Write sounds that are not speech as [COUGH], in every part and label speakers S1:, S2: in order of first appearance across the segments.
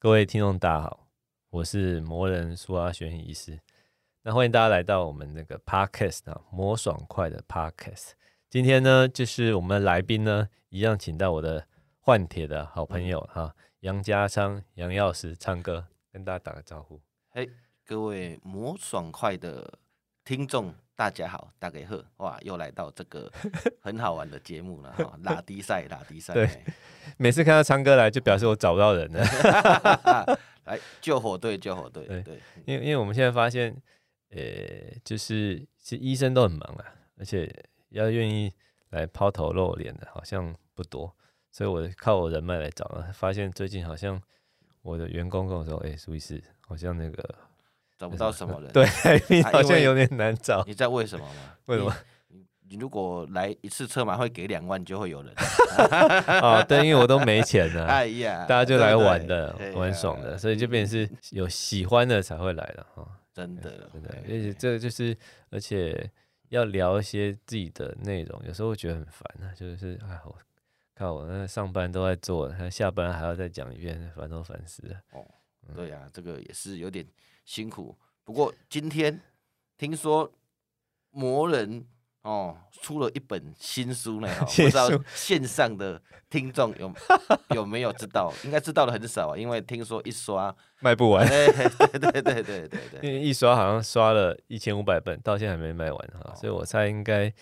S1: 各位聽眾，大家好，我是魔人蘇阿軒醫師，那歡迎大家來到我們那個 podcast 啊，魔爽快的 podcast。今天呢，就是我們的來賓呢，一樣請到我的換帖的好朋友哈，楊、啊、家昌、楊藥師唱歌，跟大家打個招呼。嘿，各位魔
S2: 爽快的聽眾。大家好，大給喝哇！又來到這個很好玩的節
S1: 目了，拉低賽，拉低賽。對，欸、每次看到昌哥來，就表示我找不到人了。
S2: [LAUGHS] [LAUGHS] 來救火隊，救火隊。對，
S1: 因為對對因為我們現在發現，呃、欸，就是其實醫生都很忙啊，而且要願意來拋頭露臉的，好像不多。所以，我靠我人脈來找了、啊，發現最近好像我的員工跟我說，哎、欸，蘇醫師，好像那個。找不到什麼人，嗯、對，好像有點難找、啊。你知道為什麼嗎？為什麼你？你如果來一次
S2: 車馬會給兩萬，就會有人。啊，對，因為我都沒錢了、啊。哎呀，大家就來玩的，玩爽的，
S1: 哎、呀所以就變成是有喜歡的才會來的啊、哦的。真的，對嘿，而且這就是，而且要聊一些自己的內容，有時候我覺得很煩啊。就是，哎、啊，我看我那上班都在做，他下班還要再講一遍，煩都煩死了。哦。對呀、啊，這個也是
S2: 有點辛苦。不過今天聽說魔人哦出了一本新書呢，新書不知道線上的聽眾有 [LAUGHS] 有沒有知道？應該知道的很少、啊，因為聽說一刷賣不完。對對對對對對，
S1: 對， [LAUGHS] 因為一刷好像刷了一千五百本，到現在還沒賣完哈，所以我猜應該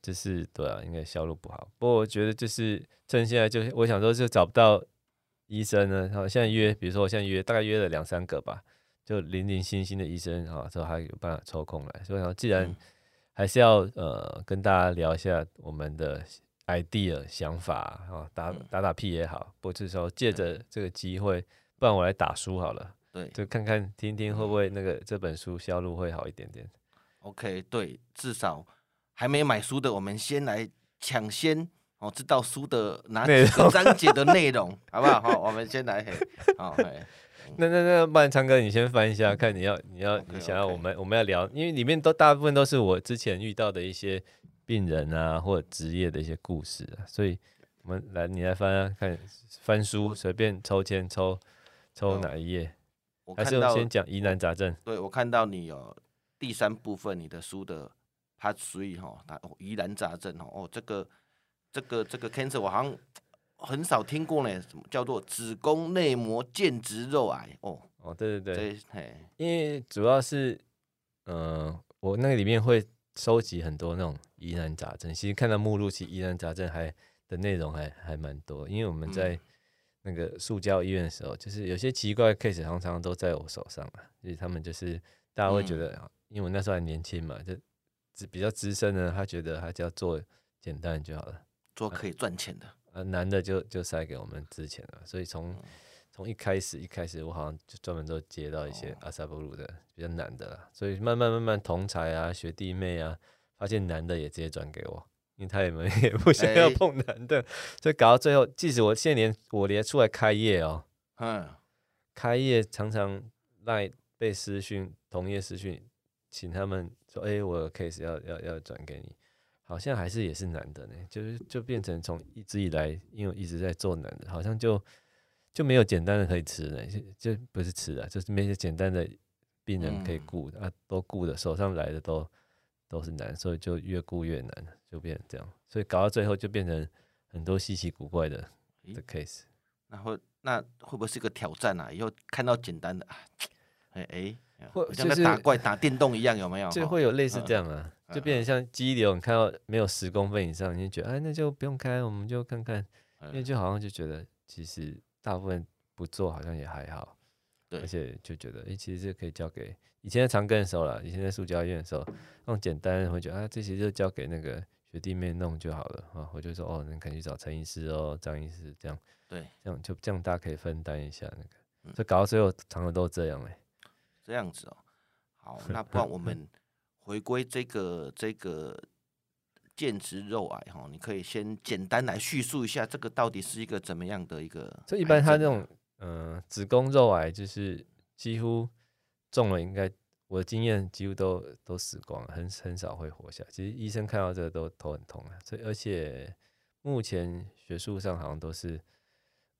S1: 就是對啊，應該銷路不好。不過我覺得就是趁現在就，就是我想說，就找不到。醫生呢？好，現在約，比如說我現在約，大概約了兩三個吧，就零零星星的醫生啊，都、哦、還有辦法抽空來。所以，既然還是要、嗯、呃跟大家聊一下我們的 idea 想法啊、哦，打打打屁也好，嗯、不是說借着這個機會，嗯、不然我來打書好了。對，就看看聽聽會不會那個這本書銷路會好一點點。
S2: OK，對，至少還沒買書的，我們先來搶先。我、哦、知道書的哪幾個章節的內容，內容 [LAUGHS] 好不好？好，我們先來。好、 [LAUGHS] 哦，
S1: 那那那，不然昌哥，你先翻一下，看你要你要 okay, 你想要我們 okay. 我們要聊，因為裡面都大部分都是我之前遇到的一些病人啊，或職業的一些故事啊，所以我們來，你來翻、啊、看翻書，隨便抽籤抽抽哪一頁？哦、我看到還是我先講疑難雜症？
S2: 對，我看到你有第三部分，你的書的它屬於哈，它疑難雜症哦，哦這個。這個這個 cancer 我好像很少聽過呢，什麼叫做子宮內膜間質肉癌？哦哦，對對對，所以，
S1: 嘿，因為主要是，嗯、呃，我那個裡面會收集很多那種疑難雜症，其實看到目錄其實疑難雜症還的內容還還蠻多，因為我們在那個塑膠醫院的時候，嗯、就是有些奇怪的 case 常常都在我手上啊，就是他們就是大家會覺得，嗯、因為我那時候還年輕嘛，就只比較資深的，他覺得他只要做簡單就好了。說可以賺錢的，呃、啊啊，男的就就塞給我們之前了，所以從、嗯、從一開始一開始，我好像就專門都接到一些阿薩布魯的、哦、比較難的了，所以慢慢慢慢同才啊、學弟妹啊，發現男的也直接轉給我，因為他也沒也不想要碰男的，哎、所以搞到最後，即使我現在我連出來開業哦，嗯，開業常常賴被私訊同業私訊，請他們說，哎，我有 case 要要要轉給你。好像還是也是難的呢，就是就變成從一直以來，因為一直在做難的，好像就就沒有簡單的可以吃的，就不是吃了，就是那些簡單的病人可以顧、嗯、啊，都顧的，手上來的都都是難，所以就越顧越難，就變成這樣，所以搞到最後就變成很多稀奇古怪的的 case。
S2: 然後、欸、那，那會不會是一個挑戰啊？以後看到簡單的，哎哎，會、欸、像在打怪打電動
S1: 一樣，有沒有、就是？就會有類似這樣啊。嗯就變成像肌瘤，你看到沒有十公分以上，你就覺得哎，那就不用開，我們就看看，因為就好像就覺得其實大部分不做好像也還好，對，而且就覺得哎、欸，其實可以交給以前在長庚的時候啦，以前在塑膠醫院的時候，那種簡單的，我會覺得啊，這些就交給那個學弟妹弄就好了啊，我就說哦，你趕緊找陳醫師哦，張醫師這樣，對這樣，這樣就這樣，大家可以分擔一下那個，這、嗯、搞到最後常常的都這樣哎、
S2: 欸，這樣
S1: 子哦，好，那不然我們。
S2: [LAUGHS] 回歸這個這個間質肉癌哈，你可以先簡單來敘述一下，這個到底是一個怎麼樣的一個？這一般他這種，
S1: 嗯、呃，子宮肉癌就是幾乎中了應，應該我的經驗幾乎都都死光了，很很少會活下來。其實醫生看到這個都頭很痛啊，所以而且目前學術上好像都是，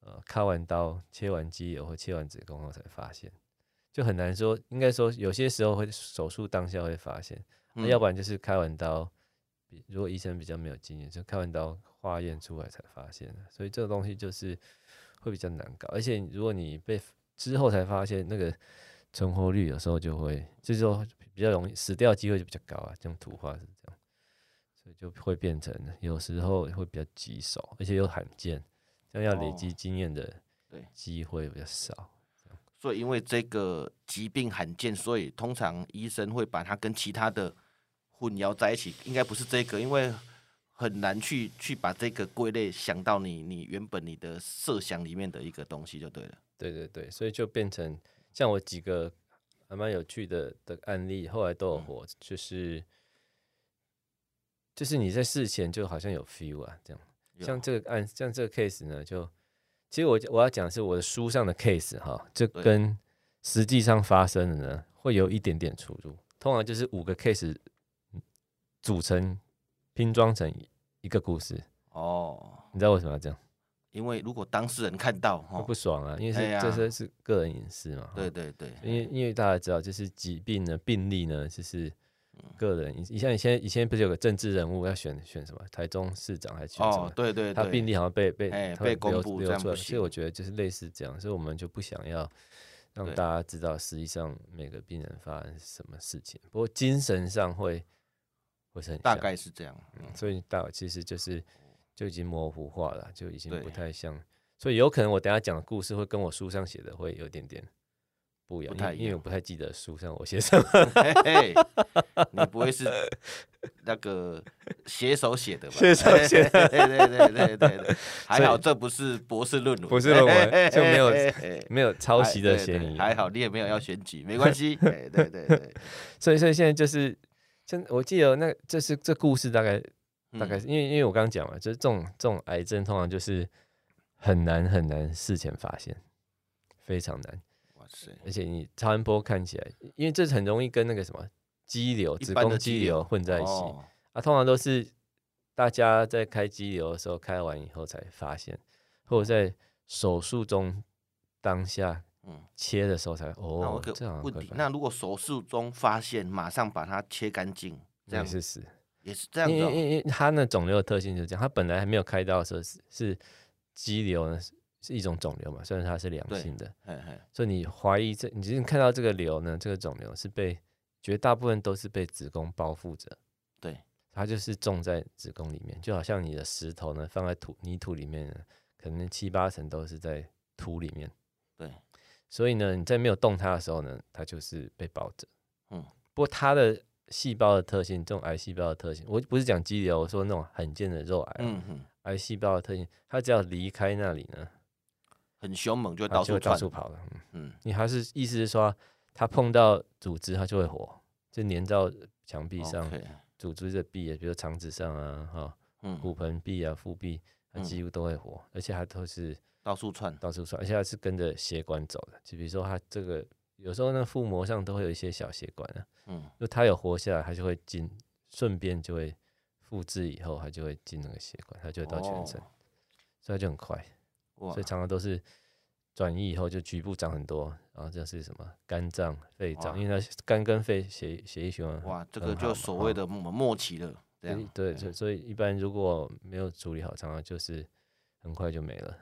S1: 呃，開完刀切完肌瘤或切完子宮後才發現。就很難說，應該說有些時候會手術當下會發現，嗯、要不然就是開完刀，如果醫生比較沒有經驗，就開完刀化驗出來才發現。所以這個東西就是會比較難搞，而且如果你被之後才發現那個存活率，有時候就會就是說比較容易死掉的機會就比較高啊，這種土話是這樣，所以就會變成有時候會比較棘手，而且又罕見，這樣要累積經驗的機會比較少。哦
S2: 所以，因為這個疾病罕見，所以通常醫生會把它跟其他的混淆在一起。應該不是這個，因為很難去去把這個歸類，想到你你原本你的設想裡面的一個東西就對了。
S1: 對對對，所以就變成像我幾個還蠻有趣的的案例，後來都很火，嗯、就是就是你在事前就好像有 feel 啊，這樣。像這個案，Yo. 像這個 case 呢，就。其實我我要講的是我的書上的 case 哈，這跟實際上發生的呢對會有一點點出入。通常就是五個 case 組成，拼裝成一個故事。哦，你知道為什麼要這樣？
S2: 因為如果當事人看到會、哦、不爽啊，因為是、哎、呀這些是個人隱私嘛。對對對。
S1: 因為因為大家知道，就是疾病的病例呢，就是。個人，你像以前以前不是有個政治人物要選選什麼台中市長還選什麼？哦，對對、對，他病歷好像被被、欸、他被公布出來，所以我覺得就是類似這樣，所以我們就不想要讓大家知道實際上每個病人發生什麼事情。對不過精神上會會是很大概是這樣，嗯、所以大概其實就是就已經模糊化了，就已經不太像。對所以有可能我等下講的故事會跟我書上寫的會有點點。不太因為我不太記得書上我寫什麼，太 [LAUGHS] 你不會是那個寫手寫的吧？寫手寫的，對對對對還好這不是
S2: 博士論文，不是論文 [LAUGHS] 就沒有沒有抄襲的嫌疑。 [LAUGHS] 還好你也沒有要選舉，沒關係。 [LAUGHS] [LAUGHS] 對對
S1: 對,對，所以所以現在就是，現我記得那這是這故事大概大概是，因為因為我剛剛講嘛，就是這種這種癌症通常就是很難很難事前發現，非常難。而且你超音波看起來，因為這很容易跟那個什麼肌瘤，子宮肌瘤混在一起，哦，啊，通常都是大家在開肌瘤的時候，開完以後才發現，或者在手術中當下切的時候才、嗯、哦，這樣問題。那
S2: 如果手術中發現，馬上把它切乾淨，這樣，嗯、也是死。也是這樣的。因因
S1: 因，它那腫瘤的特性就是這樣，它本來還沒有開刀的時候是是肌瘤呢。是一種腫瘤嘛，雖然它是良性的，對所以你懷疑這，你今天看到這個瘤呢，這個腫瘤是被，絕大部分都是被子宮包覆着，對，它就是種在子宮裡面，就好像你的石頭呢放在土泥土裡面呢，可能七八成都是在土裡面，對，所以呢，你在沒有動它的時候呢，它就是被包着，嗯，不過它的細胞的特性，這種癌細胞的特性，我不是講肌瘤，我說那種罕見的肉癌啊，嗯哼癌細胞的特性，它只要離開那裡呢。很凶猛，就會到處就會到處跑了。嗯，嗯，你還是意思是說他，它碰到組織，它就會活，就粘到牆壁上。Okay. 組織的壁也，比如腸子上啊，哈，骨盆壁啊，腹壁、啊，它幾乎都會活，嗯、而且它都是到處竄，到處竄，而且它是跟着血管走的。就比如說，它這個有時候呢，腹膜上都會有一些小血管啊。嗯，就它有活下來，它就會進，順便就會複制，以後它就會進那個血管，它就會到全身，哦、所以就很快。所以常常都是轉移以後就局部長很多，然後這是什麼肝臟、肺臟，哇因為它肝跟肺血血液循環，哇，這個就所謂的末末期了。對，對所以一般如果沒有處理好，常常就是很快就沒了，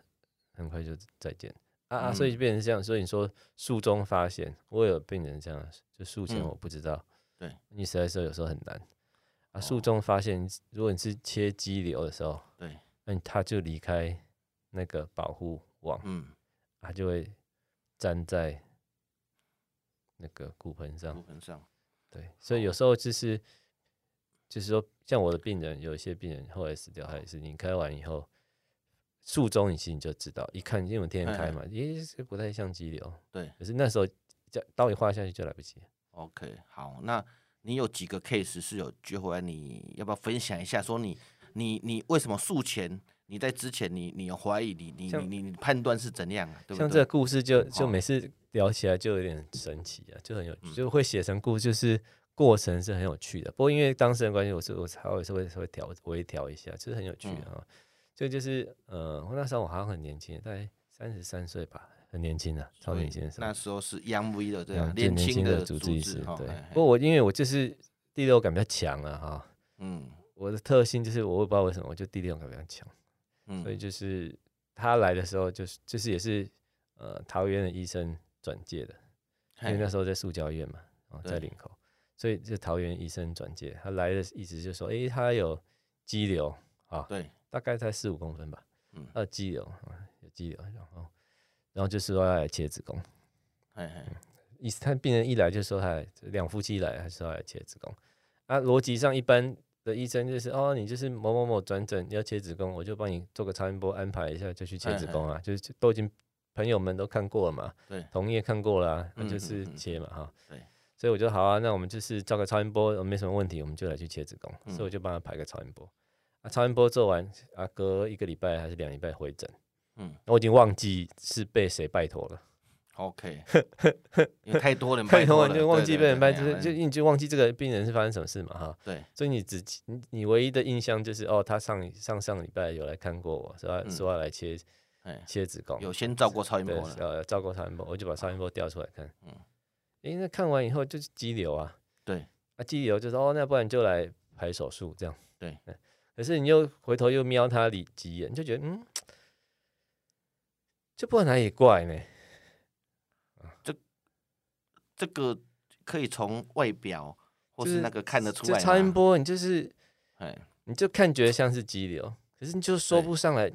S1: 很快就再見。啊、嗯、啊，所以變成這樣。所以你說術中發現，我有病人這樣，就術前我不知道。嗯、對，你實在是有時候很難。啊，術、哦、中發現，如果你是切肌瘤的時候，對，那、嗯、他就離開。那個保護網，嗯，它就會粘在那個骨盆上，骨盆上，對，好所以有時候就是就是說，像我的病人，嗯、有一些病人後來死掉，好還是你開完以後術中你其實你就知道，一看因為我天天開嘛，咦嘿，也是不太像肌瘤，對，可是那時候刀一劃下去就來不及。OK，好，那
S2: 你有幾個 case 是有機會，你要不要分享一下？說你你你為什麼術前？你在之前，你你有懷疑，你你你你判斷是怎樣啊？像這個故事就就每次
S1: 聊起來就有點神奇啊就很有，就會寫成故，就是過程是很有趣的。不過因為當事人關係，我是我稍微會稍微調微調一下，就是很有趣的啊。所以就是呃，我那時候我好像很年輕，大概三十三歲吧，很年輕的，超年輕的。那
S2: 時候是 Y M V 的這樣，年輕的主治醫師對。
S1: 不過我因為我就是第六感比較強啊，哈，嗯，我的特性就是我不知道為什麼我就第六感比較強。所以就是他來的時候，就是就是也是呃桃園的醫生轉介的，嘿因為那時候在塑膠醫院嘛，然後對、哦、在林口，所以就桃園醫生轉介。他來的意思就是說，哎、欸，他有肌瘤啊，哦、對，大概才四五公分吧，嗯，呃，肌瘤、哦，有肌瘤，然、哦、後然後就是說要來切子宮，哎哎嘿，意思、嗯、他病人一來就說他來，他兩夫妻來，還是要來切子宮，啊，邏輯上一般的醫生就是哦，你就是某某某轉診要切子宮，我就幫你做個超音波安排一下，就去切子宮啊，哎哎就是都已經朋友們都看過了嘛，對，同業看過了，啊，那、嗯嗯、就是切嘛哈。對，所以我就好啊，那我們就是照個超音波，沒什麼問題，我們就來去切子宮。嗯、所以我就幫他排個超音波，啊，超音波做完啊，隔一個禮拜還是兩禮拜回診，嗯，嗯，我已經忘記是被誰拜託了。OK，因為太多人了嘛。太多人就忘記病人，掰，就是就你就忘記這個病人是發生什麼事嘛對哈。對，所以你只你你唯一的印象就是哦，他上上上禮拜有來看過我，說說要來切、嗯欸、切子宮。有先照過超音波呃，照過超音波，對我就把超音波調出來看。嗯，哎、欸，那看完以後就是肌瘤啊。對，啊，肌瘤就是哦，那不然就來排手術這樣。對，可是你又回頭又瞄他里幾眼，你就覺得嗯，這不然哪裡怪呢？這個可以從外表
S2: 或是那個看得出來。就是超音
S1: 波，你就是，哎嘿，你就看覺得像是肌瘤，可是你就說不上來，嘿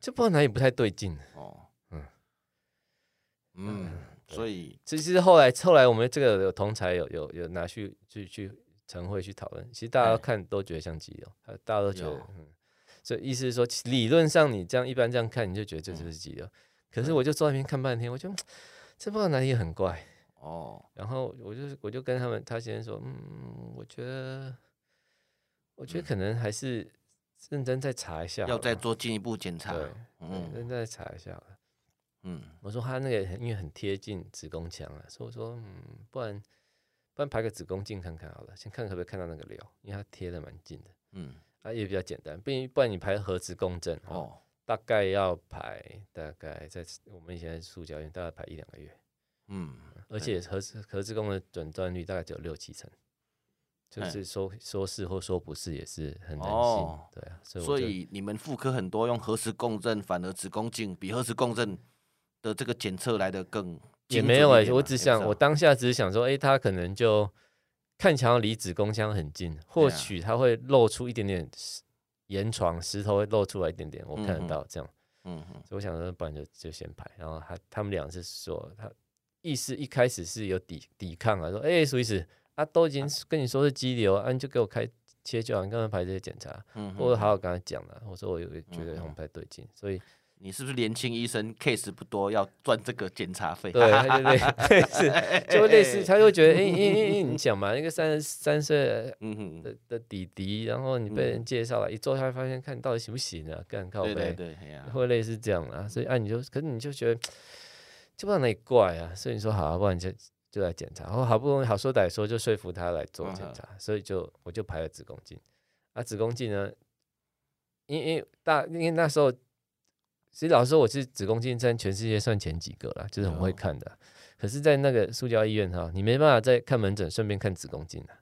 S1: 就不知道哪裡不太對勁。哦，嗯，嗯，所以其實後來，後來我們這個有同才有有有拿去就去去晨會去討論，其實大家都看都覺得像肌瘤，嘿大家都覺得有、嗯，所以意思是說，理論上你這樣一般這樣看，你就覺得這就是肌瘤，嗯、可是我就坐在那邊看半天，我就。這放到哪裡也很怪哦，然後我就我就跟他們，他先說，嗯，我覺得、嗯、我覺得可能還是認真再查一下，要再做進一步檢查，對嗯，認真再查一下，嗯，我說他那個因為很貼近子宮腔了，啊，所以我說，嗯，不然不然排個子宮鏡看看好了，先看可不可以看到那個瘤，因為它貼的蠻近的，嗯，啊也比較簡單，不然不然你排核磁共振哦。大概要排大概在我們以前在塑膠院，大概排一兩個月，嗯，而且核磁對核磁共振的診斷率大概只有六七成，就是說、欸、說是或說不是也是很難信，哦、對啊，所以，所以
S2: 你們婦科很多用核磁共振，反而子宮鏡比核磁共振的
S1: 這個檢測來的更點點也沒有哎、欸，我只想我當下只是想說，哎、欸，他可能就看起來離子宮腔很近，或許他會露出一點點。岩床石頭會露出來一點點，我看得到，這樣，嗯嗯、所以我想說，不然就就先排。然後他他們倆是說，他意思一開始是有抵抵抗啊，說，哎、欸，蘇醫師，啊都已經跟你說是肌瘤，啊你就給我開切就好，你剛才排這些檢查，嗯哼，我都好好跟他講了、啊，我說我有覺得不太對勁，嗯、哼所以。你是不是
S2: 年輕醫生
S1: case 不多，要
S2: 賺這個檢查費？對對對，就 [LAUGHS] 是就類似，欸欸欸他就覺得，哎、欸欸欸，因因因你講
S1: 嘛，那個三三歲的、嗯、哼的弟弟，然後你被人介紹了，嗯、一坐下來發現，看你到底行不行啊？幹靠北，對、啊、會類似這樣啊。所以啊，你就，可是你就覺得，就不知道哪裡怪啊，所以你說好，啊，不然你就就來檢查，我好不容易好說歹說就說服他來做檢查，嗯、好所以就我就排了子宮鏡，啊，子宮鏡呢，因因大，因為那時候。其實老實說，我是子宮鏡在全世界算前幾個啦，就是很會看的。哦、可是，在那個塑膠醫院哈，你沒辦法在看門診，順便看子宮鏡了，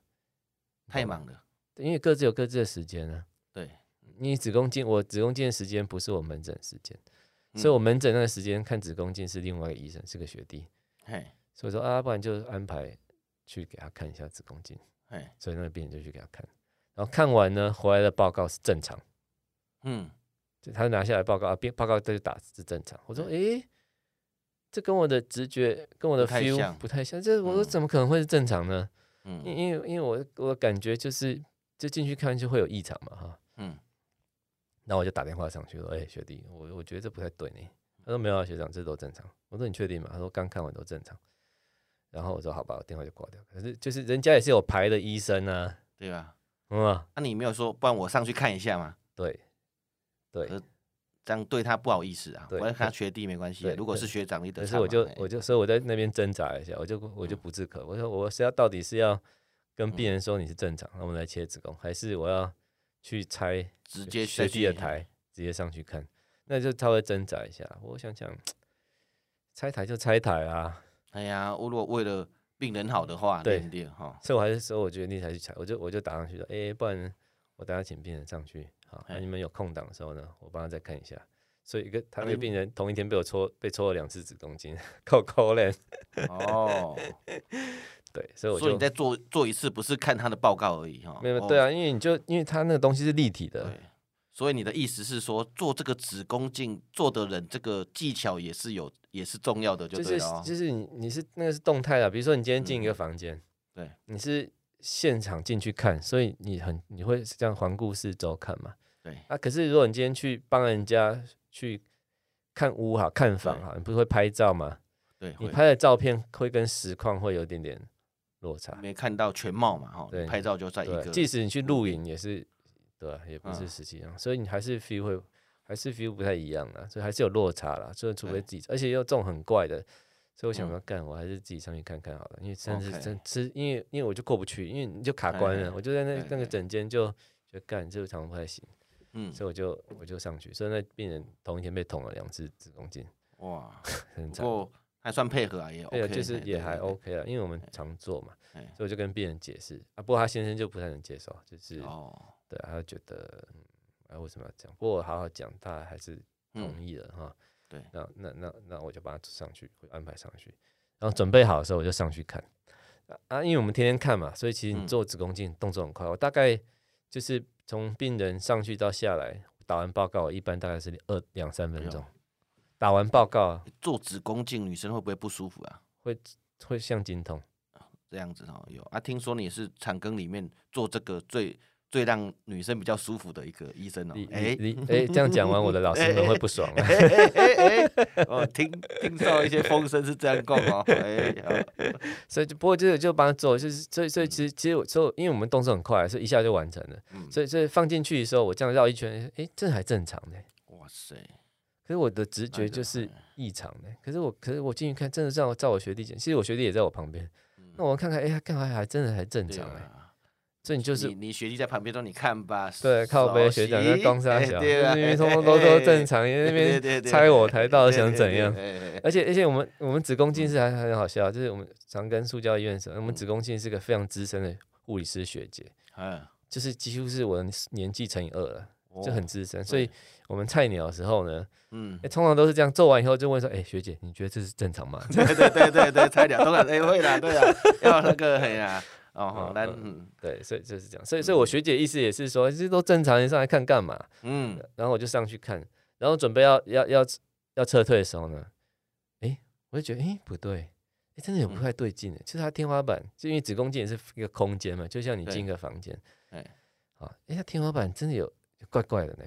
S1: 太忙了。因為各自有各自的時間啊。對，你子宮鏡，我子宮鏡的時間不是我門診時間，嗯、所以我門診那個時間看子宮鏡是另外一個醫生，是個學弟。嘿所以說啊，不然就安排去給他看一下子宮鏡。嘿所以那個病人就去給他看，然後看完呢，回來的報告是正常。嗯。就他就拿下來報告啊，報告這就打是正常。我說，哎、欸，這跟我的直覺，跟我的 feel 不太像。太像這我說、嗯、怎麼可能會是正常呢？嗯，因因為因為我我感覺就是就進去看就會有異常嘛，哈。嗯，那我就打電話上去說，哎、欸，學弟，我我覺得這不太對呢。他說，沒有啊，學長，這都正常。我說你確定嗎？他說剛看完都正常。然後我說好吧，我電話就掛掉。可是就是人家也是有牌的醫生啊，對吧、啊？嗯、啊，那、
S2: 啊、你沒有說，不然我上去看一下嗎？對。對，這樣對他不好意思啊。對，我他學弟沒關係、欸。對，如果是學長，
S1: 你得。可是我就，我就，所以我在那邊掙扎一下，我就，我就不自可。嗯、我說，我是要到底是要跟病人說你是正常，嗯、我們來切子宮，還是我要去拆直接去第二台，直接上去看？那就稍微掙扎一下，我想想，拆台就拆台啊。哎呀，
S2: 我如果為了病人好的話，對，對、
S1: 哦、所以我還是說，我覺得你才去拆，我就我就打上去說，哎、欸，不然我等下請病人上去。那、嗯啊、你們有空檔的時候呢，我幫他再看一下。所以一個他那個病人同一天被我抽、啊、你被抽了兩次子宮鏡，扣扣嘞！哦，
S2: [LAUGHS] 對，所以我所以你再做做一次，不是看他的報告而已哈、哦。沒有對啊，oh.
S1: 因為你就因為他那個東西是立體的對，
S2: 所以你的意思是說，做這個子宮鏡做的人，這個技巧也是有也是重要的就、哦就是，就
S1: 是就是你你是那個是動態的，比如說你今天進一個房間、嗯，對，你是現場進去看，所以你很你會這樣環顧四周看嘛。對啊，可是如果你今天去幫人家去看屋哈、看房哈，你不是會拍照嗎？對，你拍的照片會跟實況會有點點落差，沒看到全貌嘛，哈。對，拍照就在一個。即使你去錄影也是，對，也不是實際上，所以你還是 feel 會還是 feel 不太一樣啊，所以還是有落差啦。所以除非自己，而且又這種很怪的，所以我想說，幹，我還是自己上去看看好了，因為真是真吃，因為因為我就過不去，因為你就卡關了，我就在那那個整間就就幹，這個場不太行。嗯，所以我就我就上去，所以那病人同一天被捅了兩次子宮鏡，哇，呵呵很
S2: 慘。不過還算配合啊，也、OK,，對，就是也還 OK 啊，對對對對，因為我們常
S1: 做嘛，對對對對，所以我就跟病人解釋啊，不過他先生就不太能接受，就是，哦，對，他就覺得，嗯、啊，為什麼要這樣？不過我好好講，他還是同意了哈、嗯。對，那那那那我就把他上去會安排上去，然後準備好的時候我就上去看，啊，啊因為我們天天看嘛，所以其實你做子宮鏡動作很快，嗯、我大概就是。從病人上去到下來打完,有打完報告，一般大概是二兩三分鐘。打完報告，做子宮鏡，女生會不會不舒服啊？會會像經痛這樣子哦？有啊，聽說
S2: 你是長庚裡面做這個最。最讓女生比較舒服的一個醫生哦、欸，哎，你哎，這樣講完，我的老師們會不爽了。哎哎哎，我聽聽到一些風聲是這樣講哦，哎，
S1: 所以就不過這個就是就幫他做，就是所以所以其實其實我做，因為我們動作很快，所以一下就完成了。所以所以放進去的時候，我這樣繞一圈，哎，這還正常呢。哇塞！可是我的直覺就是異常呢、欸。可是我可是我進去看，真的照照我學弟講，其實我學弟也在我旁邊。那我看看，哎呀，看還還真的還正常哎、欸。所以你就是
S2: 你，你學弟在旁邊說，你看吧，對，靠背學長在裝傻小，欸啊、那邊通通都都正常，因為、欸欸、那邊猜我台到底想怎樣。
S1: 而且而且我們我們子宮鏡是還，還很好笑，就是我們長庚塑膠醫院的時候，嗯、我們子宮鏡是個非常資深的護理師學姐，嗯、就是幾乎是我的年紀乘以二了。哦、就很資深，所以我們菜鳥的時候呢，嗯對、欸，通常都是這樣做完以後就問說：“哎、欸，學姐，你覺得這是正常嗎？”對 [LAUGHS] 對對對對，菜鳥都常都、欸、會的。對啦， [LAUGHS] 要那個很呀、欸，哦，來、哦，嗯嗯、對，所以就是這樣，所以所以，我學姐意思也是說，這都正常，你上來看幹嘛？嗯，然後我就上去看，然後準備要要要要撤退的時候呢，哎、欸，我就覺得，哎、欸，不對、欸，真的有不太對勁，其實它天花板，就因為子宮鏡是一個空間嘛，就像你進一個房間，哎對，啊，哎、欸，它天花板真的有怪怪的呢，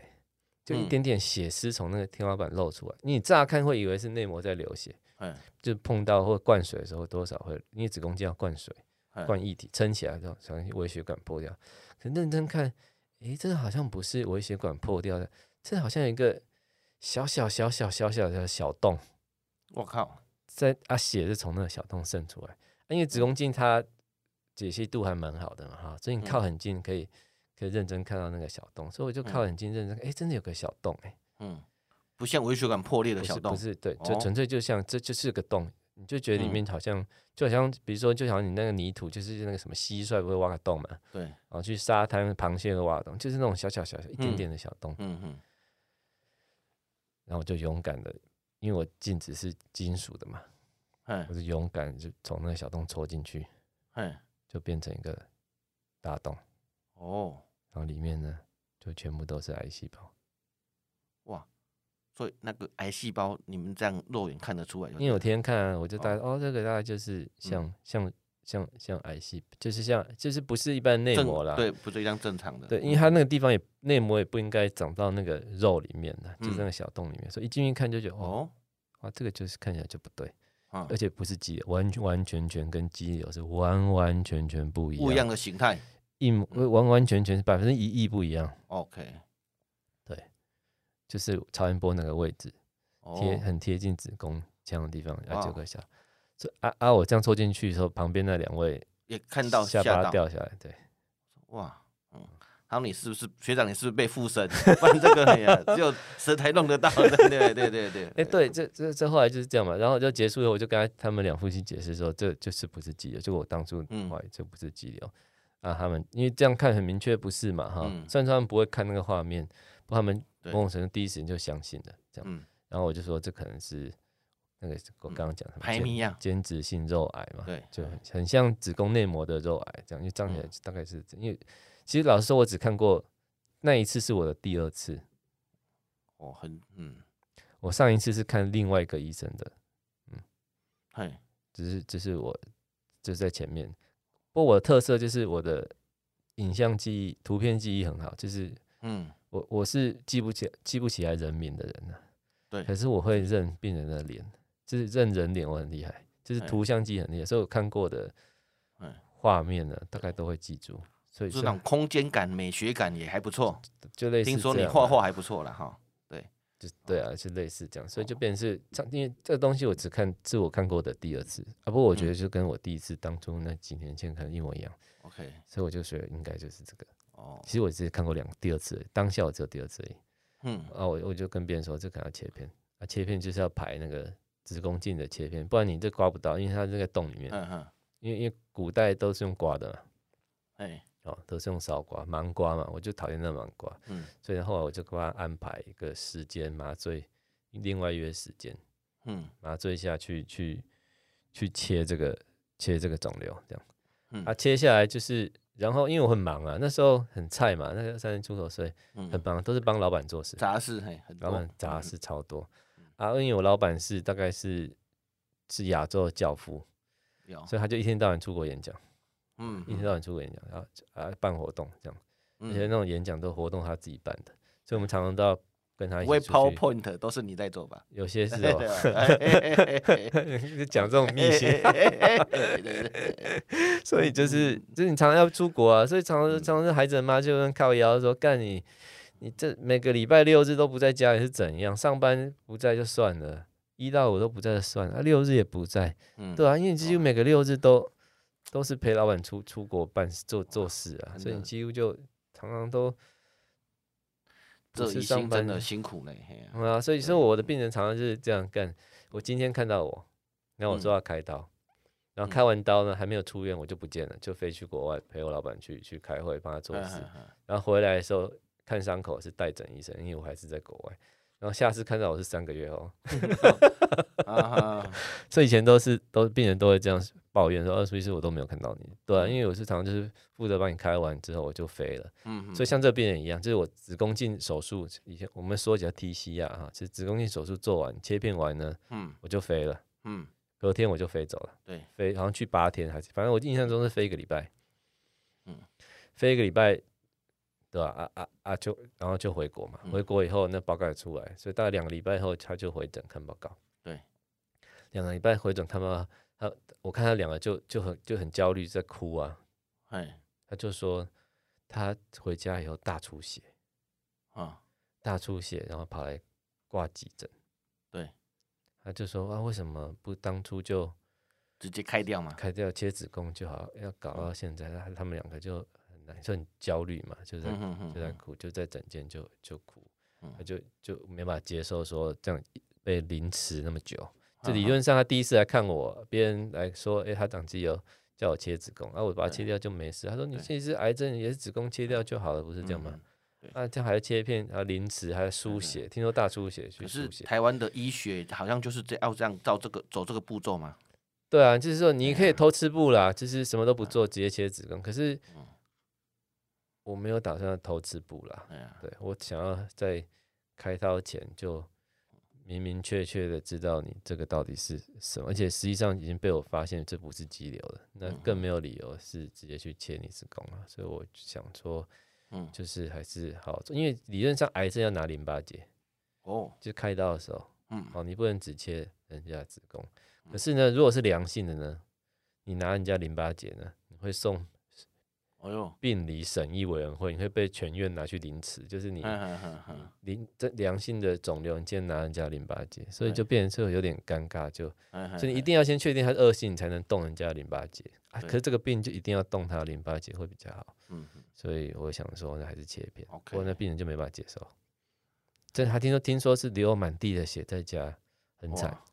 S1: 就一點點血絲從那個天花板露出來，你乍看會以為是內膜在流血，哎，就碰到或灌水的時候，多少會因為子宮鏡要灌水、灌液體撐起來，這種好像微血管破掉。可認真看，誒，這個好像不是微血管破掉的，這好像有一個小小小小小小，小的小洞。我靠，在啊血是從那個小洞滲出來、啊，因為子宮鏡它解析度還蠻好的嘛，哈，所以你靠很近可以。可以認真看到那個小洞，所以我就靠很近認真，哎、嗯、欸，真的有個小洞，欸，哎、嗯，不像微血管破裂的小洞，不，不是，對，就、哦、純粹就像這就，就是個洞，你就覺得裡面好像、嗯、就好像比如說就好像你那個泥土，就是那個什麼蟋蟀不會挖個洞嘛？對，然後去沙灘，螃蟹會挖個洞，就是那種小小小小一點點的小洞，嗯嗯，嗯，然後我就勇敢的，因為我鏡子是金屬的嘛，嘿我就勇敢就從那個小洞戳進去，嘿就變成一個大洞，哦。然後裡面呢，就全部都是癌細胞，
S2: 哇！所以那個癌細胞，你們這樣肉眼看得出來？因為我天，天看、啊，我就大概哦，
S1: 哦，這個大概就是像、嗯、像像像癌細胞，就是像就是不是一般內膜啦，對，不是一樣正常的，對，因為它那個地方也、嗯、內膜也不應該長到那個肉裡面了，就那個小洞裡面，嗯、所以一進去看就覺得哦，哦哇，這個就是看起來就不對，啊、而且不是肌瘤，完完全全跟肌瘤是完完全全不一樣，不一樣的形態。一模完完全全是百分之一億不一樣。OK，對，就是超音波那個位置，貼很貼近子宮腔的地方來揪個下。所以啊啊，我這樣戳進去的時候，旁邊那兩位也看到下巴掉下來，對，
S2: 到到哇，他們你是不是學長？你是不是被附身辦 [LAUGHS] 這個呀？只有舌苔弄得到，的。 [LAUGHS] 對對對對。哎、
S1: 欸，對，這這這後來就是這樣嘛。然後就結束以後，我就跟他他們兩夫妻解釋說，這就是不是肌瘤，就我當初懷疑這不是肌瘤。嗯啊，他們因為這樣看很明確，不是嘛？哈，雖然、嗯、他們不會看那個畫面，不過他們某種程度第一時間就相信了，這樣。嗯、然後我就說，這可能是那個我剛剛講，什麼、嗯，樣，間質性肉癌嘛，對就很像子宮內膜的肉癌，這樣，因為看起來大概是，嗯、因為其實老實說，我只看過那一次是我的第二次，哦，很，嗯，我上一次是看另外一個醫生的，嗯，嗨嘿，只、就是只、就是我就是、在前面。不過我的特色就是我的影像記憶、圖片記憶很好，就是嗯，我我是記不起、記不起來人名的人呢、啊嗯。對，可是我會認病人的臉，就是認人臉，我很厲害，就是圖像記憶很厲害。哎、所以我看過的，嗯，畫面呢，哎、大概都會記住。所以這種
S2: 空間感、美學感也還不錯。就類似聽說你畫畫還
S1: 不錯了哈。就對啊，是，oh. 類似這樣，所以就變成是，因為這個東西我只看，是我看過的第二次啊。不過我覺得就跟我第一次當初那幾年前看的一模一樣。嗯，OK，所以我就覺得應該就是這個。哦，oh. 其實我只是看過兩個第二次而已，當下我只有第二次。而已。嗯，啊，我我就跟別人說，這可能要切片啊，切片就是要排那個子宮鏡的切片，不然你這刮不到，因為它這個洞裡面。呵呵因為因為古代都是用刮的嘛，哎、欸。哦、都是用燒刮、盲刮嘛，我就討厭那盲刮。嗯，所以後來我就給他安排一個時間麻醉，另外約時間，嗯，麻醉下去去去切這個切這個腫瘤，這樣。嗯、啊，切下來就是，然後因為我很忙啊，那時候很菜嘛，那個三年出口，所以很忙，都是幫老板做事，雜事嘿，老板雜事超多。嗯、啊，因為我老板是大概是是亞洲的教父，有所以他就一天到晚出國演講。嗯，一天到晚出國演講，然後啊辦活動這樣，而且那種演講都活動他自己辦的，所以我們常常都要跟他一起。PowerPoint
S2: 都是你在做吧？有些時候。講這種秘辛，對對。所以就是就是你常
S1: 常要出國啊，所以常常常常是孩子的媽就跟靠腰說幹你你這每個禮拜六日都不在家裡是怎樣，上班不在就算了，一到五都不在就算了，啊六日也不在，對啊，因為幾乎每個六日都。都是陪老板，出出國辦事做做事啊，所以你幾乎就常常都，這是上班一真的辛苦嘞、欸，啊，嗯、啊，所以說對我的病人常常，常就是這樣幹。我今天看到我，然後我說要開刀，嗯、然後開完刀呢還沒有出院我就不見了，嗯、就飛去國外陪我老板去去開會幫他做事，啊啊啊然後回來的時候看傷口是代診醫生，因為我還是在國外。然後下次看到我是三個月後，嗯，哈哈哈哈哈啊哈， [LAUGHS] 所以以前都是都病人都會這樣抱怨說：“二叔醫師，我都沒有看到你。”對，因為我是常常就是負責幫你開完之後我就飛了，嗯，嗯所以像這病人一樣，就是我子宮鏡手術以前我們說起來 TCR 哈，其實子宮鏡手術做完切片完呢，嗯，我就飛了，嗯，隔天我就飛走了，對，飛好像去八天還是，反正我印象中是飛一個禮拜，嗯，飛一個禮拜。對吧、啊？啊啊啊，就然後就回國嘛，回國以後那報告也出來，所以大概兩個禮拜後他就回診看報告。對，兩個禮拜回診，他們他我看他兩個就就很就很焦慮，在哭啊。哎，他就說他回家以後大出血啊，大出血，然後跑來掛急診。對，他就說啊，為什麼不當初就直接開掉嘛？開掉切子宮就好，要搞到現在，他他們兩個就。就很焦慮嘛，就在就在哭，就在診間就就哭，他就就沒法接受說這樣被凌遲那麼久。這理論上他第一次來看我，別人來說，哎，他長肌瘤，叫我切子宮，那我把它切掉就沒事。他說你這是癌症也是子宮切掉就好了，不是這樣嗎？那這樣還要切片，還要凌遲，還要輸血，聽說大出血。可是台灣的醫學好像就是這樣，要這樣照這個走
S2: 這個步驟嗎？
S1: 對啊，就是說你可以偷吃步啦，就是什麼都不做，直接切子宮。可是。我沒有打算要投資布啦，Yeah. 對，我想要在開刀前就明明確確的知道你這個到底是什麼，而且實際上已經被我發現這不是肌瘤了，那更沒有理由是直接去切你子宮了，啊，嗯、所以我想說，嗯，就是還是好，好做，嗯、因為理論上癌症要拿淋巴結，哦，oh. 就開刀的時候，嗯，哦、啊，你不能只切人家子宮，嗯、可是呢，如果是良性的呢，你拿人家淋巴結呢，你會送，病理審議委員會，你會被全院拿去凌遲，就是你淋這、哎哎哎哎、良性的腫瘤，你竟然拿人家淋巴結，所以就變成、哎、有點尷尬，就哎哎哎所以你一定要先確定他是惡性，你才能動人家淋巴結。啊、對可是這個病就一定要動他淋巴結會比較好。嗯、哼所以我想說，那還是切片，嗯、哼不過那病人就沒辦法接受。Okay 這他聽說，聽說是流滿地的血，在家很慘，哇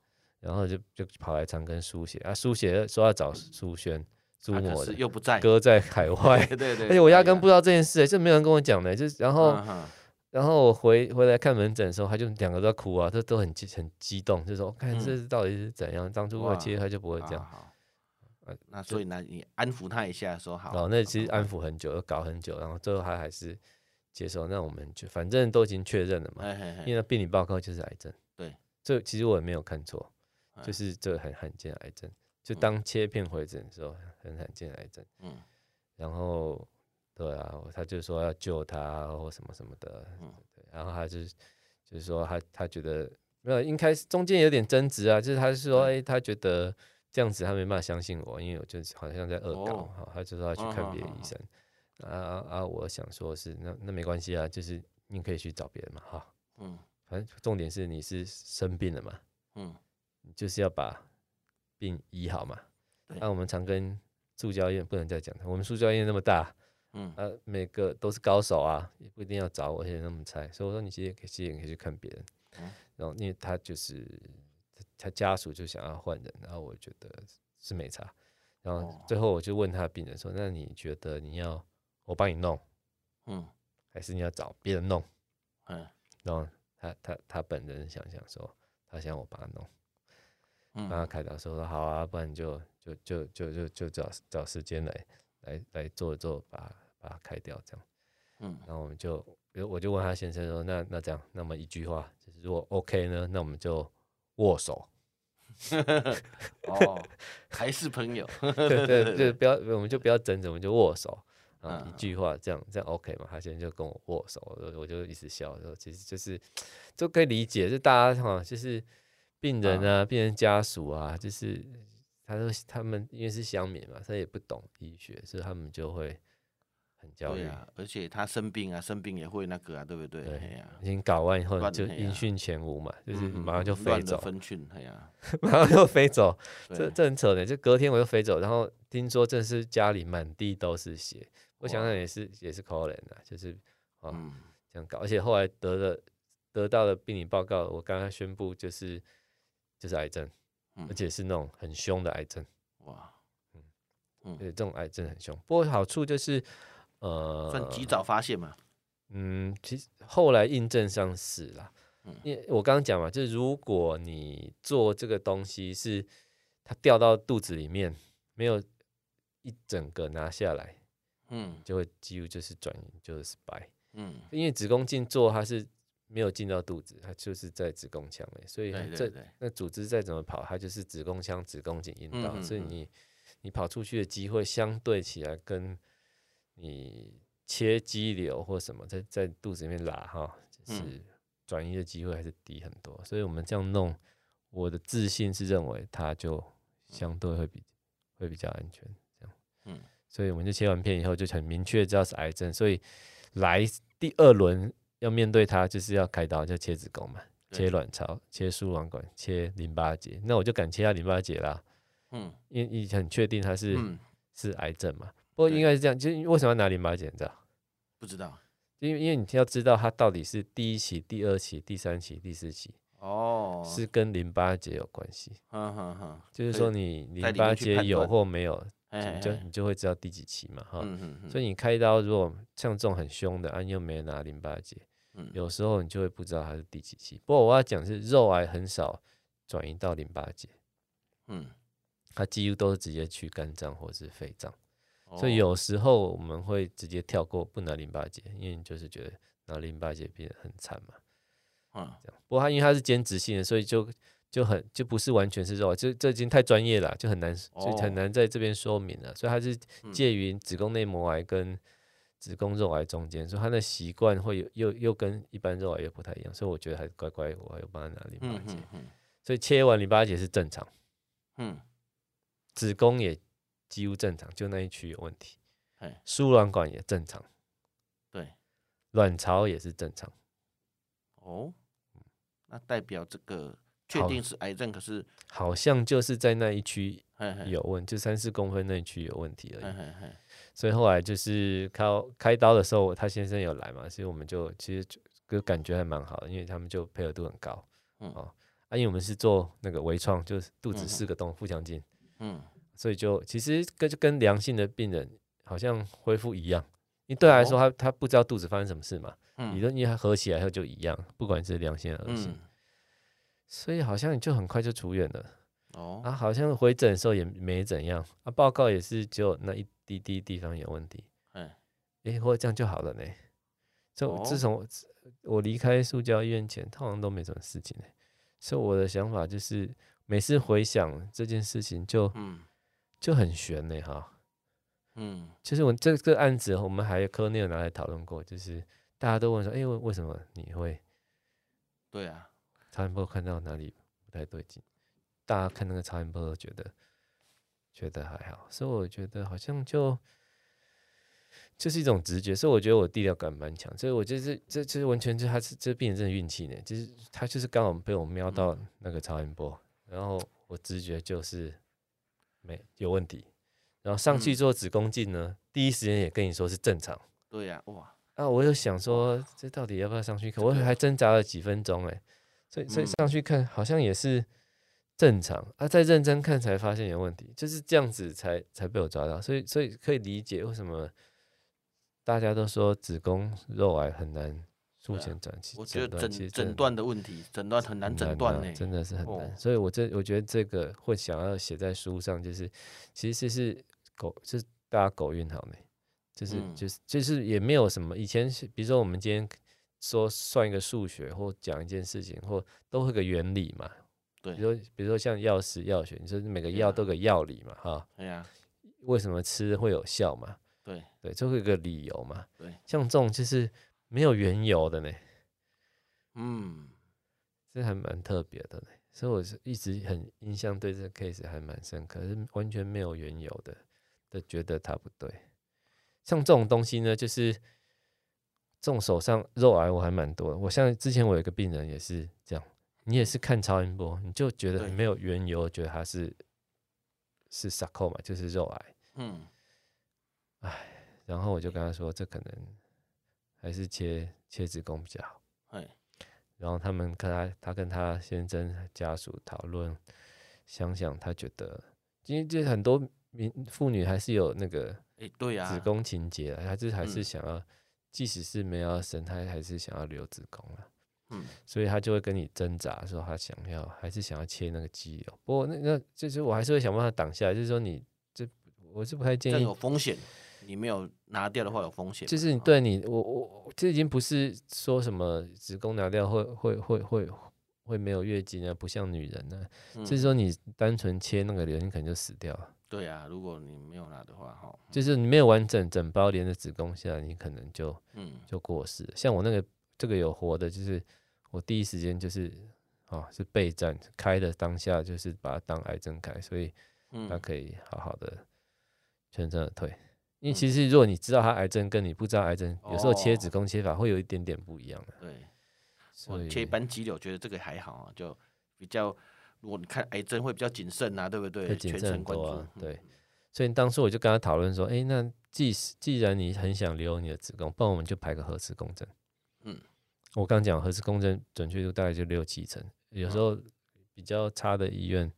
S1: 然後就就跑來長庚輸血啊書，輸血說要找蘇軒。嗯可是又不在，哥在海外，對對。而且我壓根不知道這件事，就沒有人跟我講的。就然後，然後我回回來看門診的時候，他就兩個都在哭啊，都都很激很激動，就說：“看這到底是怎樣？當初我接他就不會這樣。”
S2: 好。那所以呢，你安撫他一下，說好。
S1: 那其實安撫很久，搞很久，然後最後他還是接受。那我們就反正都已經確認了嘛，因為病理報告就是癌症。對，這其實我也沒有看錯，就是這很罕見的癌症。就當切片回診的時候、嗯、很罕見癌症，嗯，然後對啊，他就說要救他、啊、或什麼什麼的，嗯對，然後他就就是說他他覺得沒有，應該是中間有點爭執啊,就是他就說、嗯、哎，他覺得這樣子他沒辦法相信我，因為我就好像在惡搞，好、哦哦，他就說他去看別的醫生，啊啊啊，啊，啊，啊！我想說是那那沒關係啊，就是你可以去找別人嘛，哈、哦，嗯，反正重點是你是生病了嘛，嗯，你就是要把。病醫好嘛？那對、啊、我們常跟助教院不能再講他，我們助教院那麼大，嗯、啊，每個都是高手啊，也不一定要找我，現在那麼差，所以我說你其實也可以，其實也可以去看別人。然後因為他就是他家屬就想要換人，然後我覺得是沒差。然後最後我就問他病人說：“哦、那你覺得你要我幫你弄，嗯，還是你要找別人弄？”嗯。然後他他他本人想想說，他想我幫他弄。嗯、幫他開導說說好啊，不然就就就就就就找找時間來來,來做一做，把把它開掉這樣。嗯，然後我們就我就問他先生說，那那這樣，那麼一句話，就是、如果 OK 呢，那我們就握手。
S2: [LAUGHS] 哦， [LAUGHS] 還是朋友。 [LAUGHS] 對對對，就
S1: 不要，我們就不要爭，我們就握手。嗯，一句話這樣、嗯、這樣 OK 嘛？他先生就跟我握手，我就我就一直笑，說其實就是都可以理解，就大家哈、啊，就是。病人啊，啊病人家屬啊，就是他說他們因為是鄉民嘛，他也不懂醫學，所以他們就會
S2: 很焦慮。而且他生病啊，生病也會那個啊，對不對？對
S1: 呀，已經搞完以後就音訊全無嘛，就是馬上就飛走，分訊哎呀， [LAUGHS] 馬上就飛走，對這這很扯的。就隔天我就飛走，然後聽說這是家裡滿地都是血，我想想也是哇也是可憐啊，就是啊、嗯、這樣搞。而且後來得了得到了病理報告，我剛剛宣布就是。就是癌症，而且是那種很兇的癌症。哇，嗯，對、嗯，而且這種癌症很兇。不過好處就是，呃，算及
S2: 早發現嘛。嗯，
S1: 其實後來印證上是了，嗯、因為我剛剛講嘛，就是如果你做這個東西是它掉到肚子裡面，沒有一整個拿下來，嗯，就會幾乎就是轉移，就是死，嗯，因為子宮鏡做它是。沒有進到肚子，它就是在子宮腔內，所以這那組織再怎麼跑，它就是子宮腔、子宮頸、陰道、嗯嗯，所以你你跑出去的機會相對起來，跟你切肌瘤或什麼在在肚子裡面拉哈，就是轉移的機會還是低很多，所以我們這樣弄，我的自信是認為它就相對會比會比較安全，這樣，嗯、所以我們就切完片以後就很明確知道是癌症，所以來第二輪。要面對他，就是要開刀，就切子宮嘛，切卵巢，切輸卵管，切淋巴結。那我就敢切下淋巴結啦，嗯，因你很確定他是是癌症嘛。不過應該是這樣，就為什麼要拿淋巴結？你知道？不知道？因為因為你要知道它到底是第一期、第二期、第三期、第四期哦，是跟淋巴結有關係。
S2: 就是說你淋巴結有或沒有，就
S1: 你就會知道第幾期嘛，哈。所以你開刀如果像這種很凶的，你又沒有拿淋巴結。嗯、有時候你就會不知道它是第幾期。不過我要講是肉癌很少轉移到淋巴結，嗯，它幾乎都是直接去肝臟或者是肺臟，哦、所以有時候我們會直接跳過不拿淋巴結，因為你就是覺得拿淋巴結變得很慘嘛。啊、這樣。不過它因為它是間質性的，所以就就很就不是完全是肉癌，就這已經太專業了，就很難，就很難在這邊說明了。哦、所以它是介於子宮內膜癌跟，嗯。嗯子宮肉癌中間，所以他的習慣會有又又跟一般肉癌又不太一樣，所以我覺得還是乖乖，我還有幫他拿淋巴結，嗯嗯嗯、所以切完淋巴結是正常，嗯、子宮也幾乎正常，就那一區有問題，輸卵嘿管也正常，對，卵巢也是正常，
S2: 哦，那代表這個確定是癌症，好可是
S1: 好像就是在那一區有問題，嘿嘿就三四公分那一區有問題而已。嘿嘿嘿所以後來就是開開刀的時候，他先生有來嘛，所以我們就其實就感覺還蠻好的，因為他們就配合度很高。哦、嗯，啊，因為我們是做那個微創，就是肚子四個洞腹腔鏡嗯，哼嗯，所以就其實跟就跟良性的病人好像恢復一樣。相、嗯、對他來說他，他他不知道肚子發生什麼事嘛，你的他合起來就就一樣，不管是良性還是惡性，嗯、所以好像就很快就出院了。哦，oh. 啊，好像回診的時候也沒怎樣，啊，報告也是只有那一滴滴地方有問題。哎、欸欸，或者這樣就好了呢。Oh. 就自從我離開塑膠醫院前，通常都沒什麼事情呢。所以我的想法就是，每次回想這件事情就，就、嗯、就很玄呢，哈，嗯，其實我這個案子，我們還有科內有拿來討論過，就是大家都問說，哎、欸，為為什麼你會？對啊，查不看到哪裡不太對勁。大家看那個超音波，都覺得覺得還好，所以我覺得好像就就是一種直覺，所以我覺得我第六感蠻強，所以我覺得這這其實、就是、完全就還是他是這病人的運氣呢，就是他就是剛好被我瞄到那個超音波，嗯、然後我直覺就是沒有問題，然後上去做子宮鏡呢，嗯、第一時間也跟你說是正常，對呀、啊，哇，那、啊、我就想說這到底要不要上去看，這個、我還掙扎了幾分鐘哎、欸，所以所以上去看好像也是。正常啊，再認真看才發現有問題，就是這樣子才才被我抓到，所以所以可以理解為什麼大家都說子宮肉癌很難術前轉期、啊。我覺得診診
S2: 斷的問題，診斷很難診斷、欸、真的是很難。哦、
S1: 所以我這我覺得這個會想要寫在書上、就是就是，就是其實是狗，是大家狗運好沒？就是、嗯、就是就是也沒有什麼。以前是比如說我們今天說算一個數學，或講一件事情，或都會個原理嘛。對比如說，比如說像藥師藥學，你、就、說、是、每個藥都有個藥理嘛，哈、啊，啊、為什麼吃會有效嘛？對，對，就會有個理由嘛。對，像這種就是沒有緣由的呢，嗯，這還蠻特別的，所以我是一直很印象，對這個 case 還蠻深刻，可是完全沒有緣由的，就覺得他不對。像這種東西呢，就是這種手上肉癌我還蠻多的。我像之前我有一個病人也是這樣。你也是看超音波，你就覺得沒有緣由，對覺得他是是 sarcoma 嘛，就是肉癌。嗯，哎，然後我就跟他說，這可能還是切、嗯、切子宮比較好。哎、嗯，然後他們看他，他跟他先生家屬討論，想想他覺得，因為這很多民婦女還是有那個子，子宮情結，他、啊、是還是想要，嗯、即使是沒有生胎，他還是想要留子宮啊。嗯、所以他就會跟你掙扎，說他想要還是想要切那個肌瘤。不過那那個，就是我還是會想辦法擋下來，就是說你這我是不太建議。有
S2: 風險，嗯、你沒有拿掉的話有風險。就是你
S1: 對你我我這已經不是說什麼子宮拿掉會會會會會沒有月經啊，不像女人呢？嗯、就是說你單純切那個瘤，你可能就死掉了。
S2: 對啊，如果你沒有拿的話哈，
S1: 嗯、就是你沒有完整整包連著子宮下來，你可能就嗯就過世。嗯、像我那個這個有活的，就是。我第一時間就是哦，是備戰開的當下，就是把它當癌症開，所以他可以好好的全身而退。嗯、因為其實如果你知道他癌症，跟你不知道癌症，嗯、有時候切子宮切法會有一點點不一樣、啊哦。對，所以我切
S2: 一般肌瘤，覺得這個還好啊，就比較。如果你看癌症，會比較謹慎啊，對不對？謹慎很多、啊。嗯、
S1: 對。所以當初我就跟他討論說，哎、欸，那即使既然你很想留你的子宮，不然我們就排個核磁共振。我剛講核磁共振準確度大概就六七成，有時候比較差的醫院，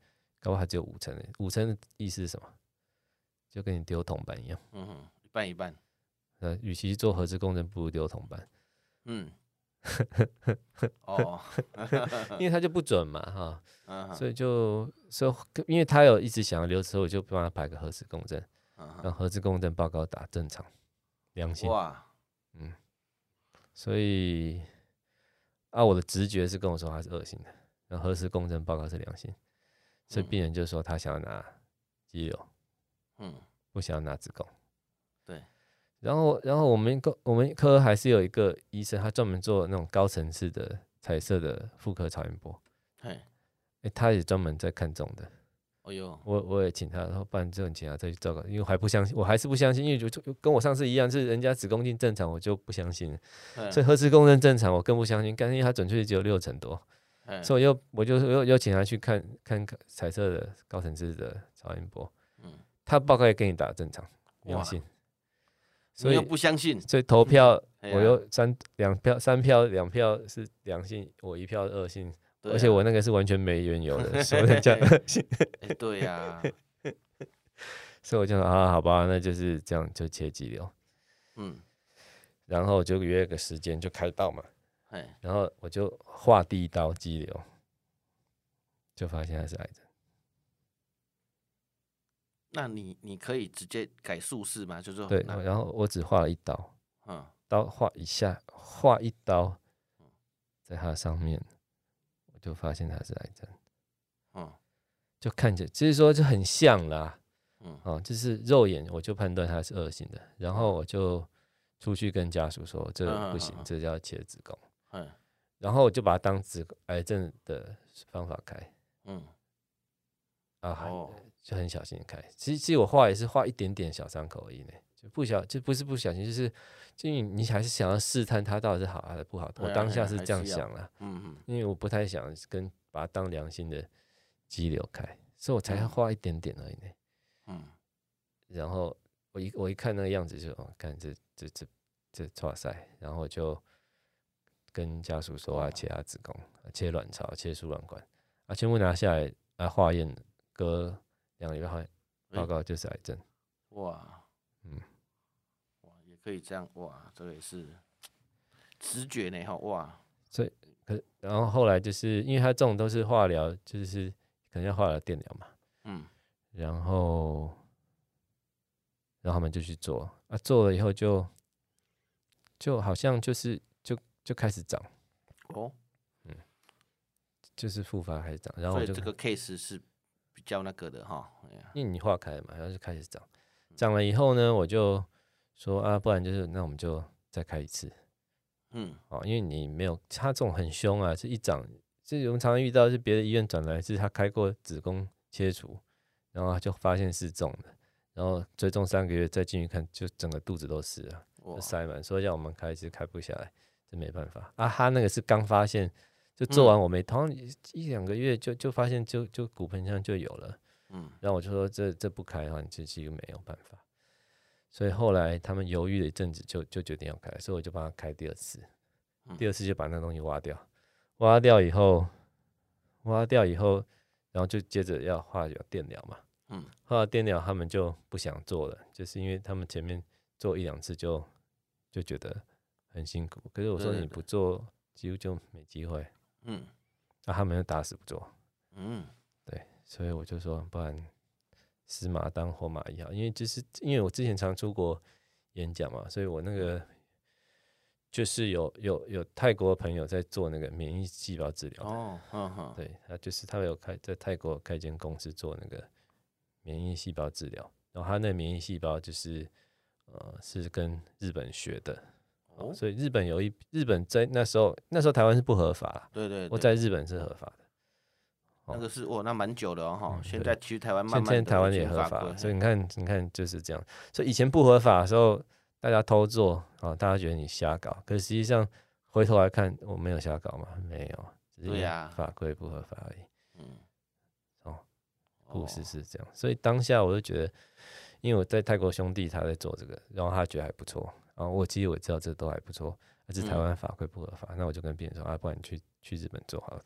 S1: 搞不好還只有五成，欸。五成的意思是什麼？就跟你丟銅板一樣。嗯，
S2: 一半一半。
S1: 呃、啊，與其做核磁共振，不如丟銅板。嗯。 [LAUGHS] 哦。 [LAUGHS] [LAUGHS] 因為他就不準嘛，哈。啊、哈所以就說，因為他有一直想要留，所以我就幫他排個核磁共振，啊、哈讓核磁共振報告打正常、良性。哇。
S2: 嗯。
S1: 所以。啊，我的直覺是跟我說他是惡性的，那核磁共振報告是良性，所以病人就說他想要拿肌瘤，嗯，嗯，不想要拿子宮，對。然後，然後我們科我們一科還是有一個醫生，他專門做那種高層次的彩色的婦科超音波，哎嘿，哎，欸，他也專門在看中的。哎、哦、呦，我我也請他，不然後辦這種檢查再去照個，因為還不相信，我還是不相信，因為就就跟我上次一樣，是人家子宮鏡正常，我就不相信，哎、呀所以核磁共振正常，我更不相信，但是因為他準確率只有六成多，哎、呀所以又我，我又我就又又請他去看看彩色的高層次的超音波，嗯，他報告也給你打正常，良性哇，所以又不相信所，所以投票、嗯、哎、我又三兩票三票兩票是良性，我一票惡性。對啊、而且我那個是完全沒緣由的，所以這樣，對呀、啊，所以我就說啊，好吧，那就是這樣，就切肌瘤。
S2: 嗯，
S1: 然後就約個時間就開刀嘛。嘿 然後我就畫第一刀肌瘤，就發現還是癌症。
S2: 那你你可以直接改術式嗎？就是說對，
S1: 然後我只畫了一刀，嗯，刀畫一下，畫一刀，在它上面。就發現他是癌症，
S2: 嗯，
S1: 就看着，就是說就很像啦，嗯，哦，就是肉眼我就判斷他是惡性的，然後我就出去跟家屬說，嗯，這不行，這要切子宮，嗯，啊啊啊，然後我就把它當子癌症的方法開，嗯，啊，就很小心開，其實，哦，其實我劃也是劃一點點小傷口而已呢，就不小就不是不小心就是。就你還是想要試探他到底是好還是不好？我當下是這樣想了，嗯嗯，因為我不太想跟把他當良性的肌瘤開，所以我才要花一點點而已。嗯，然後我一我一看那個樣子，就哦，看這這這這哇塞，然後就跟家屬說啊，切下子宮、啊、切卵巢、啊、切輸卵、啊、卵管，啊，全部拿下來啊，化驗，隔兩個禮拜化驗報告就是癌症，
S2: 哇！可以這樣哇，這個也是直覺呢哈哇。
S1: 所以，可然後後來就是因為他這種都是化療，就是可能要化療、電療嘛。嗯，然後，然後他們就去做啊，做了以後就就好像就是就就開始長哦，嗯，就是復發開始長。然後就，所
S2: 以這個 case 是比較那個的
S1: 哈，哦 yeah. 因為你化開嘛，然後就開始長長了以後呢，我就。說啊，不然就是那我們就再開一次，嗯，哦，因為你沒有他這種很凶啊，是一漲，這是我們常常遇到，是別的醫院轉來，是他開過子宮切除，然後就發現是腫的，然後追蹤三個月再進去看，就整個肚子都是了，塞滿，哇所以讓我們開，其實，開不下來，這沒辦法。啊，他那個是剛發現，就做完我沒，通、嗯、一,一兩個月就就發現就就骨盆腔就有了，嗯，然後我就說這這不開的話，這是一個沒有辦法。所以後來他們猶豫了一陣子就，就就決定要開，所以我就幫他開第二次，第二次就把那東西挖掉，挖掉以後，挖掉以後，然後就接着要化療、電療嘛，嗯，化療、電療他們就不想做了，就是因為他們前面做一兩次就就覺得很辛苦，可是我說你不做幾乎就沒機會，嗯，那他們就打死不做，嗯，對，所以我就說不然。死馬當活馬醫啊，因為就是因為我之前常出國演講嘛，所以我那個就是有有有泰國朋友在做那個免疫細胞治療哦，呵呵對他就是他有開在泰國開一間公司做那個免疫細胞治療，然後他那免疫細胞就是呃是跟日本學的，哦，哦，所以日本有一日本在那時候那時候台灣是不合法，對，對對，我在日本是合法的。
S2: 哦、那個是哦，那蠻久的哦。嗯、現在其實台灣慢慢的現在台灣也合法了，嗯、所
S1: 以你看，嗯、你看就是這樣。所以以前不合法的時候，大家偷做啊、哦，大家覺得你瞎搞。可是實際上回頭來看，我沒有瞎搞嘛，沒有，只是法規不合法而已。啊、嗯，哦，故事是這樣。所以當下我就覺得，因為我在泰國兄弟他在做這個，然後他覺得還不錯，然後我其實我知道這都還不錯，但是台灣法規不合法，嗯、那我就跟別人說啊，不然你去去日本做好了。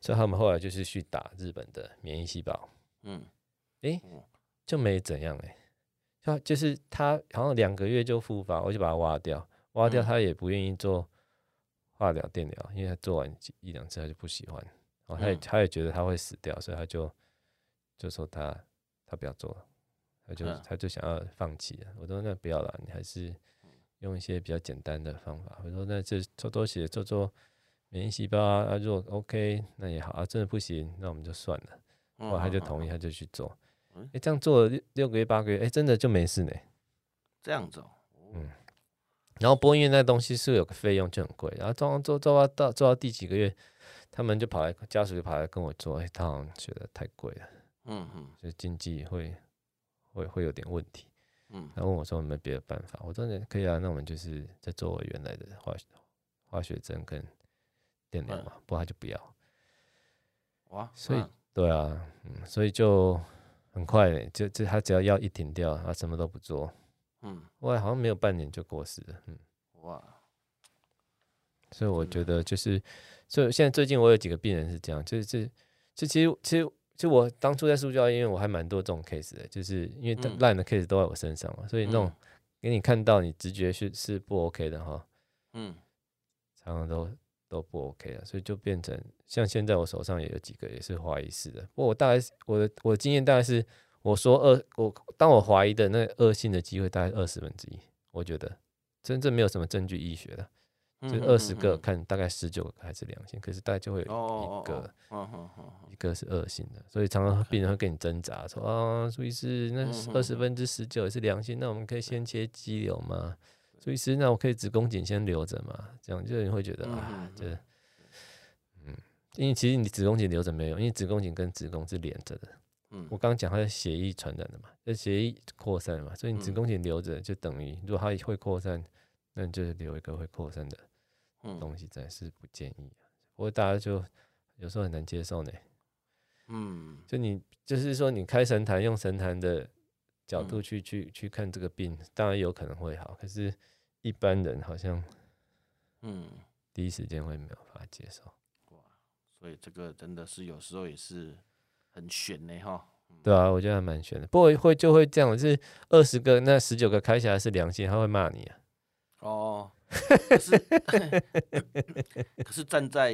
S1: 所以他們後來就是去打日本的免疫細胞，嗯，誒、欸，就沒怎樣哎、欸，他就，就是他好像兩個月就復發，我就把他挖掉，挖掉他也不願意做化療、電療、嗯，因為他做完一兩次他就不喜歡，然後他也他也覺得他會死掉，所以他就就說他他不要做了，他就、嗯、他就想要放棄了。我說那不要了，你還是用一些比較簡單的方法。我說那就做，做做些做做。免疫吧、啊，啊，如果 OK 那也好啊，真的不行那我們就算了。後來、嗯、他就同意，嗯、他就去做。哎，這樣做六六個月八個月，哎，真的就沒事呢。
S2: 這樣做、
S1: 哦哦、嗯。然後播音樂那東西是，是有個費用就很貴，然後做做做到到做到第幾個月，他們就跑來家屬就跑來跟我做，一趟，覺得太貴了。嗯嗯。嗯就經濟會會會有點問題。嗯。他問我說有沒有別的辦法？我說那可以啊，那我們就是在做我原來的化學化學針跟。電量嘛，不過他就不要，哇！所以對啊，嗯，所以就很快，就就他只要藥一停掉，他什麼都不做，嗯，哇，好像沒有半年就過世了，嗯，哇！所以我覺得就是，的所以現在最近我有幾個病人是這樣，就是就就，就其實其實就我當初在塑膠，因為我還蠻多這種 case 的，就是因為爛的 case 都在我身上嘛，嗯、所以那種給你看到你直覺是是不 OK 的哈，嗯，常常都。都不 OK 了，所以就變成像現在我手上也有幾個也是懷疑似的。不過我大概我的我的經驗大概是我說二，我當我懷疑的那惡性的機會大概二十分之一，我覺得真正沒有什麼證據醫學的，就二十個看大概十九個還是良性，嗯哼嗯哼，可是大概就會有一個，oh, oh, oh, oh, oh. 一個是惡性的，所以常常病人會跟你掙扎 Okay. 說啊，蘇醫師那二十分之十九是良性，嗯、哼那我們可以先切肌瘤嗎？所以實際上我可以子宮頸先留着嘛？這樣就你會覺得啊，這、嗯嗯，嗯，因為其實你子宮頸留着沒有，因為子宮頸跟子宮是連着的。嗯、我剛剛講它是血液傳染的嘛，那血液擴散的嘛，所以你子宮頸留着就等於，如果它會擴散，嗯、那你就是留一個會擴散的東西，暫、嗯、是不建議。不過大家就有時候很難接受呢。嗯，就你就是說你開神壇用神壇的。角度去、嗯、去去看這個病，當然有可能會好，可是一般人好像，嗯，第一時間會沒有辦法接受，哇，
S2: 所以這個真的是有時候也是很懸的。哈，
S1: 對啊，我覺得還蠻懸的，不過會就會這樣，就是二十個那十九個開起來是良性，他會罵你，啊
S2: 哦，可是， [LAUGHS] 可是站在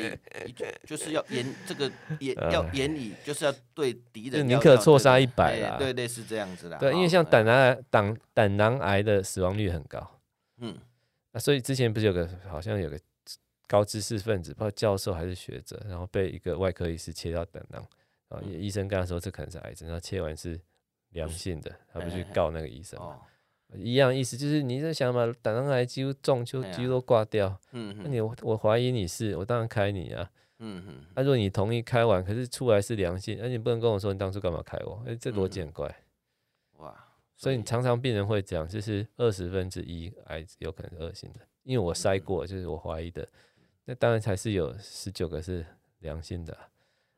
S2: 就是要嚴 [LAUGHS] 這個嚴要嚴厲就是要對敵人寧、這個、可錯殺一百啊，對對，類似這樣子的，對。哦、因
S1: 為像膽囊癌、膽膽囊癌的死亡率很高，嗯，那、啊、所以之前不是有個好像有個高知識分子，包括教授還是學者，然後被一個外科醫師切掉膽囊啊，然後醫生跟他說，這可能是癌症，然後切完是良性的，嗯、他不去告那個醫生嗎？一樣意思就是你在想把膽囊癌幾乎撞就幾乎都掛掉，啊、嗯那、啊、你我懷疑你是，我當然開你啊，嗯嗯哼，那、啊、如果你同意開完，可是出來是良性，那你不能跟我說你當初幹嘛開我，哎，這多見怪、嗯，哇，所以，所以你常常病人會講，就是二十分之一癌有可能是惡性的，因為我篩過，嗯、哼就是我懷疑的，那當然才是有十九個是良性的、啊，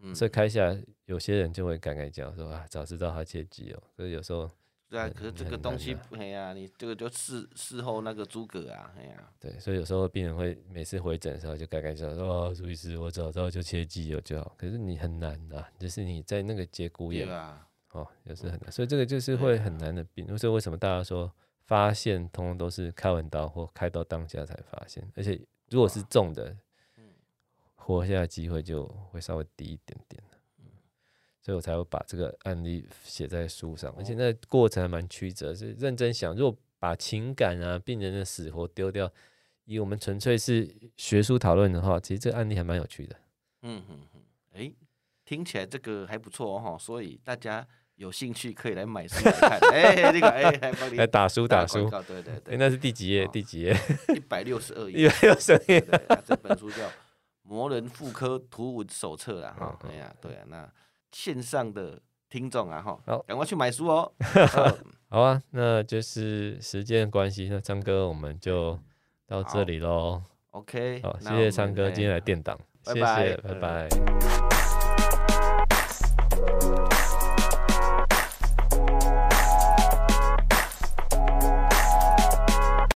S1: 嗯，所以開下來有些人就會感慨講說啊，早知道他切機哦，所以有時候。
S2: 對啊，可是這個東西哎呀、啊啊，你這個就事事後那個諸葛啊，哎呀、啊，
S1: 對，所以有時候病人會每次回診的時候就改，就說，嗯、哦，朱醫師，我走之後就切肌瘤就好，可是你很難的、啊，就是你在那個節骨眼，對吧哦，也、就是很難，嗯、所以這個就是會很難的病。對所以為什麼大家說發現通通都是開完刀或開到當下才發現，而且如果是重的，嗯，活下來機會就會稍微低一點點。所以我才會把這個案例寫在書上，而且那過程還蠻曲折。哦、是認真想，如果把情感啊、病人的死活丟掉，以我們純粹是學術討論的話，其實這個案例還蠻有趣的。嗯嗯
S2: 嗯，誒、欸，聽起來這個還不錯哈、喔，所以大家有興趣可以來買書來看。哎、 [LAUGHS] 欸，這個哎，還幫你，、欸、來，你來打書打書，對對對、欸，那是第幾頁？嗯、第幾頁？哦、一百六十二頁，嗯、一百六十二頁。 [LAUGHS] 對對對啊、這本書叫《魔人婦科圖文手冊》啦，哈、 [LAUGHS] 哦，哎呀、啊，對啊，那。線上的聽眾啊，好，趕快去買書哦、喔。 [LAUGHS] 嗯、
S1: 好啊，那就是時間關係，那昌哥我們就到這裡嘍。OK，好，我謝謝昌哥今天來電檔，謝謝，好拜拜。拜拜呃